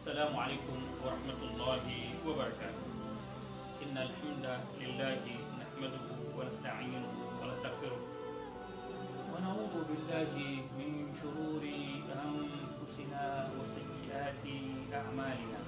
السلام عليكم ورحمة الله وبركاته إن الحمد لله نحمده ونستعينه ونستغفره ونعوذ بالله من شرور أنفسنا وسيئات أعمالنا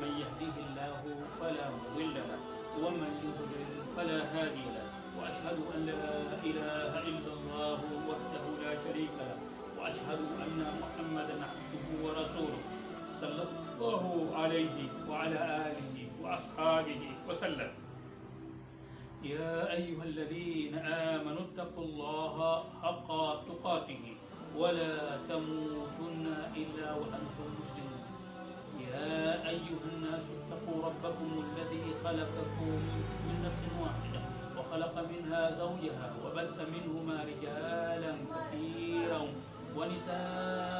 من يهديه الله فلا مضل له ومن يضلل فلا هادي له وأشهد أن لا إله إلا الله وحده لا شريك له وأشهد أن محمدا عبده ورسوله صلى الله عليه وعلى آله وأصحابه وسلم يا أيها الذين آمنوا اتقوا الله حق تقاته ولا تموتن إلا وأنتم مسلمون يا أيها الناس اتقوا ربكم الذي خلقكم من نفس واحدة وخلق منها زوجها وبث منهما رجالا كثيرا ونساء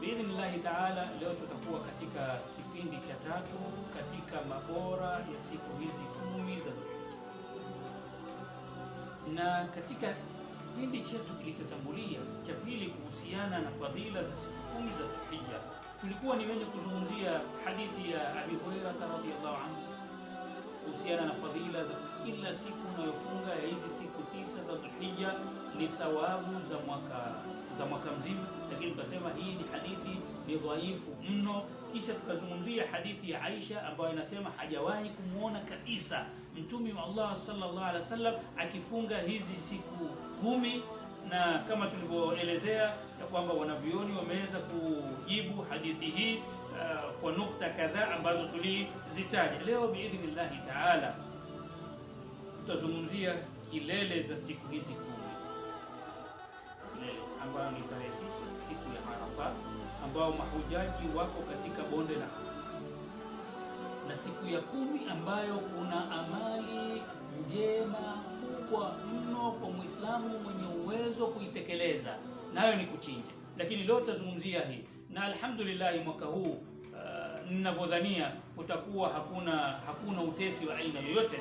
Biidhnillahi taala, leo tutakuwa katika kipindi cha tatu katika mabora ya siku hizi kumi za Dhulhijja, na katika kipindi chetu kilichotangulia cha pili kuhusiana na fadhila za siku kumi za Dhulhijja tulikuwa ni wenye kuzungumzia hadithi ya Abi Hurairah radhiyallahu anhu kuhusiana na fadhila za kila siku unayofunga ya hizi siku tisa za Dhulhijja ni thawabu za mwaka za mwaka mzima, lakini tukasema hii ni hadithi ni dhaifu mno. Kisha tukazungumzia hadithi ya Aisha ambayo inasema hajawahi kumwona kabisa Mtume wa Allah sallallahu alaihi wasallam akifunga hizi siku kumi na kama tulivyoelezea ya kwamba wanavioni wameweza kujibu hadithi hii uh, kwa nukta kadhaa ambazo tulizitaja. Leo biidhnillahi taala tutazungumzia kilele za siku hizi kumi, kilele ambayo ni tarehe tisa siku ya Arafa, ambao mahujaji wako katika bonde la na siku ya kumi ambayo kuna amali njema kubwa mno kwa Muislamu mwenye uwezo kuitekeleza, nayo ni kuchinja. Lakini leo tutazungumzia hii, na alhamdulillah mwaka huu uh, ninavyodhania kutakuwa hakuna hakuna utesi wa aina yoyote,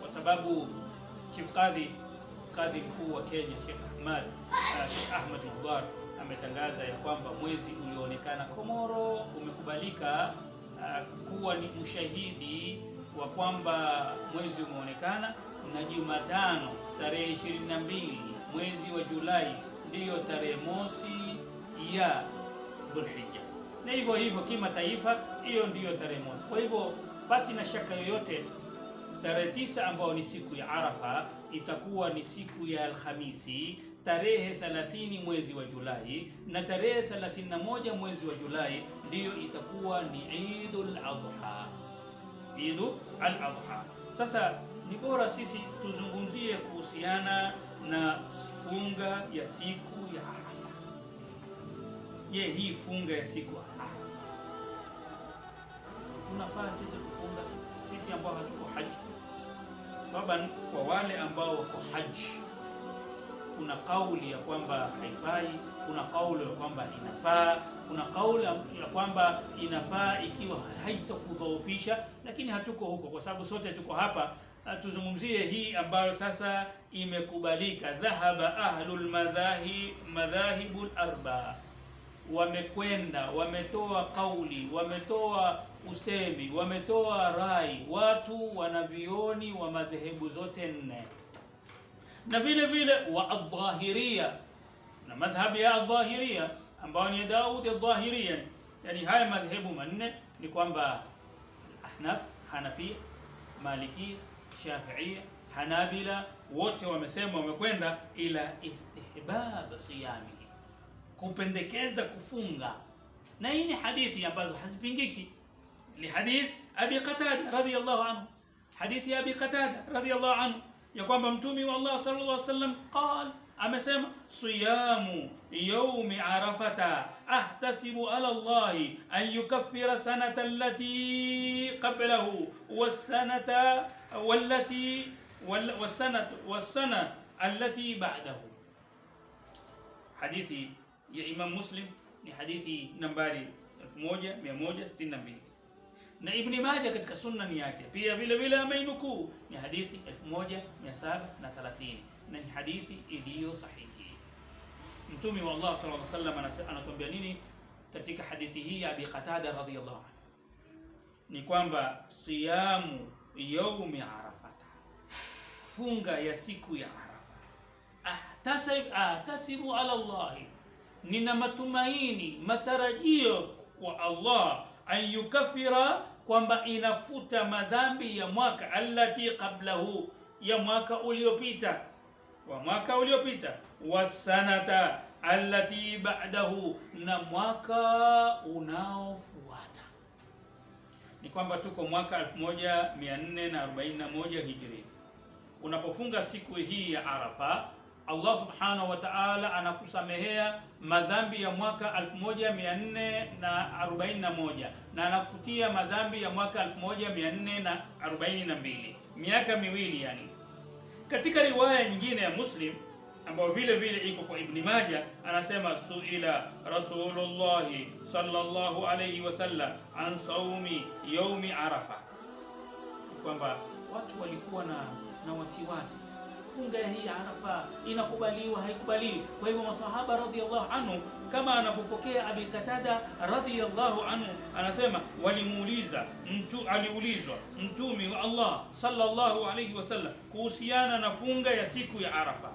kwa sababu chief kadhi kadhi mkuu wa Kenya Sheikh Ahmad uh, Sheikh Ahmad Jabbar ametangaza ya kwamba mwezi ulioonekana Komoro umekubalika uh, kuwa ni ushahidi wa kwamba mwezi umeonekana na Jumatano tarehe 22 mwezi wa Julai ndiyo tarehe mosi ya Dhulhijja, na hivyo hivyo kimataifa, hiyo ndiyo tarehe mosi. Kwa hivyo basi, na shaka yoyote, tarehe tisa ambayo ni siku ya Arafa itakuwa ni siku ya Alhamisi tarehe 30 mwezi wa Julai, na tarehe 31 mwezi wa Julai ndiyo itakuwa ni Eidul Adha, Eidul Adha. Sasa ni bora sisi tuzungumzie kuhusiana na funga ya siku ya Arafa. Je, hii funga ya siku ya Arafa tunafaa sisi kufunga sisi ambao hatuko haji? Baba, kwa wale ambao wako haji kuna kauli ya kwamba haifai, kuna kauli ya kwamba inafaa, kuna kauli ya kwamba inafaa ikiwa haitakudhoofisha, lakini hatuko huko, kwa sababu sote tuko hapa tuzungumzie hii ambayo sasa imekubalika, dhahaba ahlul madhahi madhahibul arba, wamekwenda wametoa kauli, wametoa usemi, wametoa rai, watu wanavioni wa madhehebu zote nne, na vile vile wa adhahiria na madhhabu ya adhahiria ambayo ni Daud adhahiria. Yani haya madhehebu manne ni kwamba Ahnaf, Hanafi, Maliki Shafiia, Hanabila wote wamesema wamekwenda ila istihbab siyami, kupendekeza kufunga. Na hii ni hadithi ambazo hazipingiki, ni hadith Abi Qatada radhiyallahu anhu, hadithi ya Abi Qatada radhiyallahu anhu ya kwamba mtumi wa Allah sallallahu alaihi wasallam qal, amesema siyamu yaumi arafata ahtasibu ala llahi an yukaffira sanata allati qablahu wassanata والتي والسنة والسنة التي بعده حديثي يا إمام مسلم ni hadithi nambari 1162 na Ibn Majah katika sunani yake pia vile vile ameinukuu ni hadithi 1730 na ni hadithi iliyo sahihi. Mtume wa Allah sallallahu alaihi wasallam anatuambia nini katika hadithi hii ya Abi Qatada radhiyallahu anhu ni kwamba siyamu yaumi arafata, funga ya siku ya Arafa. Ahtasib, ahtasibu ala llahi, nina matumaini matarajio kwa Allah an yukafira, kwamba inafuta madhambi ya mwaka allati qablahu, ya mwaka uliopita wa mwaka uliopita wasanata allati ba'dahu, na mwaka unaofuata ni kwamba tuko mwaka 1441 Hijri. Unapofunga siku hii ya Arafa, Allah subhanahu wa ta'ala anakusamehea madhambi ya mwaka 1441 na anakufutia madhambi ya mwaka 1442, miaka miwili yani. Katika riwaya nyingine ya Muslim ambayo vile vile iko kwa Ibni Maja, anasema suila Rasulullahi sallallahu alayhi wasallam an saumi yaumi Arafa, kwamba watu walikuwa na, na wasiwasi funga hii Arafa inakubaliwa haikubaliwi. Kwa hivyo masahaba radhiyallahu anhu, kama anapopokea Abi Katada radhiyallahu anhu, anasema walimuuliza mtu, aliulizwa mtumi wa Allah sallallahu alayhi wasallam kuhusiana na funga ya siku ya Arafa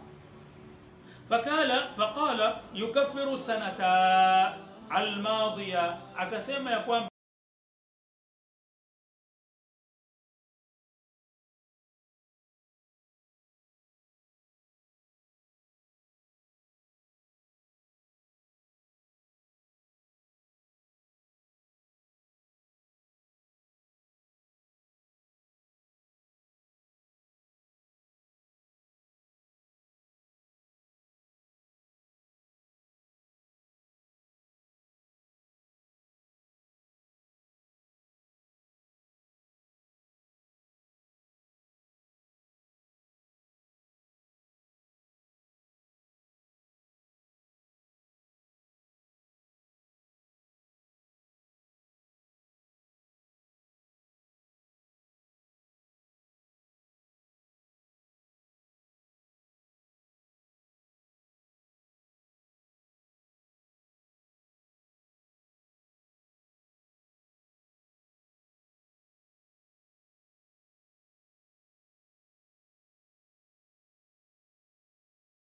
فقال فقال يكفر سنتا الماضية أكسيما يقوم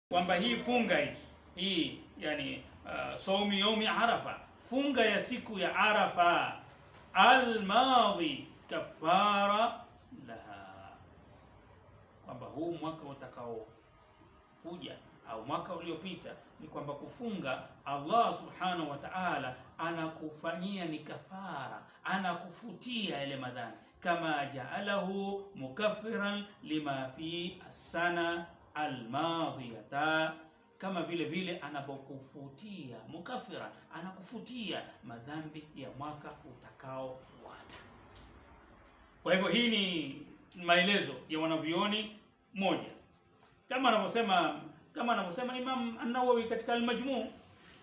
kwamba hii funga hii yani, uh, saumu yaumi arafa, funga ya siku ya Arafa, almadhi kafara laha, kwamba huu mwaka utakaokuja au mwaka uliopita ni kwamba kufunga, Allah subhanahu wa ta'ala anakufanyia ni kafara, anakufutia ile madhani, kama jaalahu mukaffiran lima fi as-sana almadhiyata, kama vile vile anapokufutia mukafira, anakufutia madhambi ya mwaka utakaofuata. Kwa hivyo hii ni maelezo ya wanavyuoni moja, kama anavyosema kama anavyosema Imam An-Nawawi katika Al-Majmu'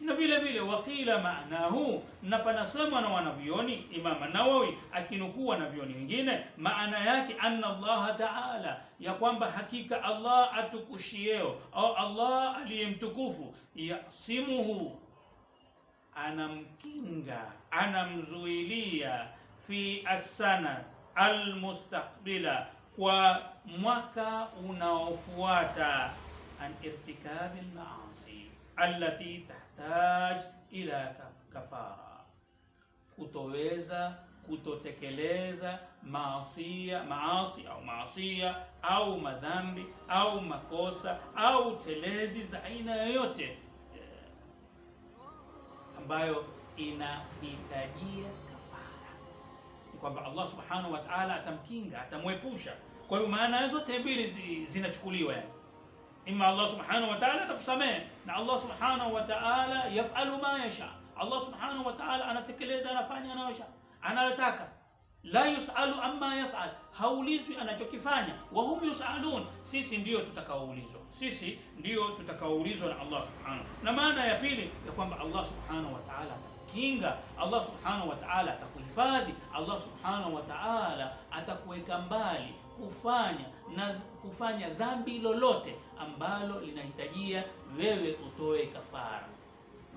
na vile vile waqila maanahu, na panasema na wanavyoni Imam Nawawi na wanavyoni wengine, maana yake anna Allaha taala, ya kwamba hakika Allah atukushieo au Allah aliyemtukufu yasimuhu, anamkinga anamzuilia fi asana almustaqbila, kwa mwaka unaofuata an irtikabil maasi allati tahtaj ila kafara, kutoweza kutotekeleza maasia maasi au maasia au madhambi au makosa au telezi za aina yoyote eh, ambayo inahitajia kafara, ni kwamba Allah subhanahu wa ta'ala atamkinga, atamwepusha. Kwa hiyo maana zote mbili zinachukuliwa yani ima Allah subhanahu wa ta'ala atakusamehe, na Allah subhanahu wa ta'ala yafalu ma yasha, Allah subhanahu wa ta'ala anatekeleza, anafanya anayosha, anayotaka. La yusalu amma yafal, haulizwi anachokifanya. Wa hum yusalun, sisi ndio tutakaoulizwa, sisi ndio tutakaoulizwa na Allah subhanahu. Na maana ya pili ya kwamba Allah subhanahu Allah subhanahu wa atakuhifadhi, Allah subhanahu wa atakuweka mbali kufanya na kufanya dhambi lolote ambalo linahitajia wewe utoe kafara,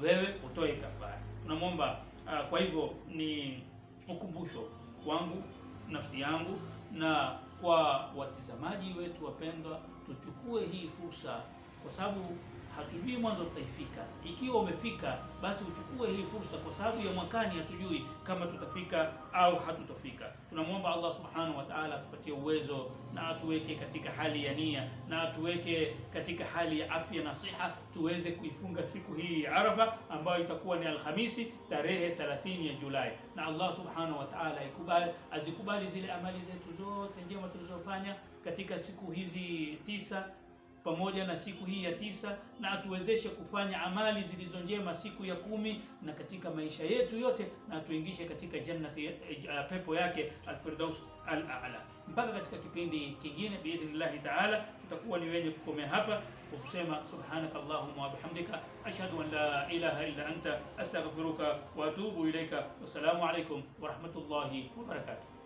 wewe utoe kafara. Tunamwomba uh, kwa hivyo ni ukumbusho kwangu nafsi yangu na kwa watizamaji wetu wapendwa, tuchukue hii fursa kwa sababu hatujui mwanzo tutaifika. Ikiwa umefika, basi uchukue hii fursa, kwa sababu ya mwakani hatujui kama tutafika au hatutafika. Tunamwomba Allah subhanahu wa ta'ala atupatie uwezo na atuweke katika hali ya nia na atuweke katika hali ya afya na siha, tuweze kuifunga siku hii ya Arafa ambayo itakuwa ni Alhamisi tarehe 30 ya Julai, na Allah subhanahu wa ta'ala ikubali, azikubali zile amali zetu zote njema tulizofanya katika siku hizi tisa pamoja na siku hii ya tisa, na atuwezeshe kufanya amali zilizo njema siku ya kumi na katika maisha yetu yote, na atuingishe katika jannati uh, pepo yake alfirdaus alala. Mpaka katika kipindi kingine, biidhnillahi taala, tutakuwa ni wenye kukomea hapa kwa kusema subhanaka allahumma wa bihamdika ashhadu an la ilaha illa anta astaghfiruka wa atubu ilaika. Wassalamu alaikum wa rahmatullahi wa barakatuh.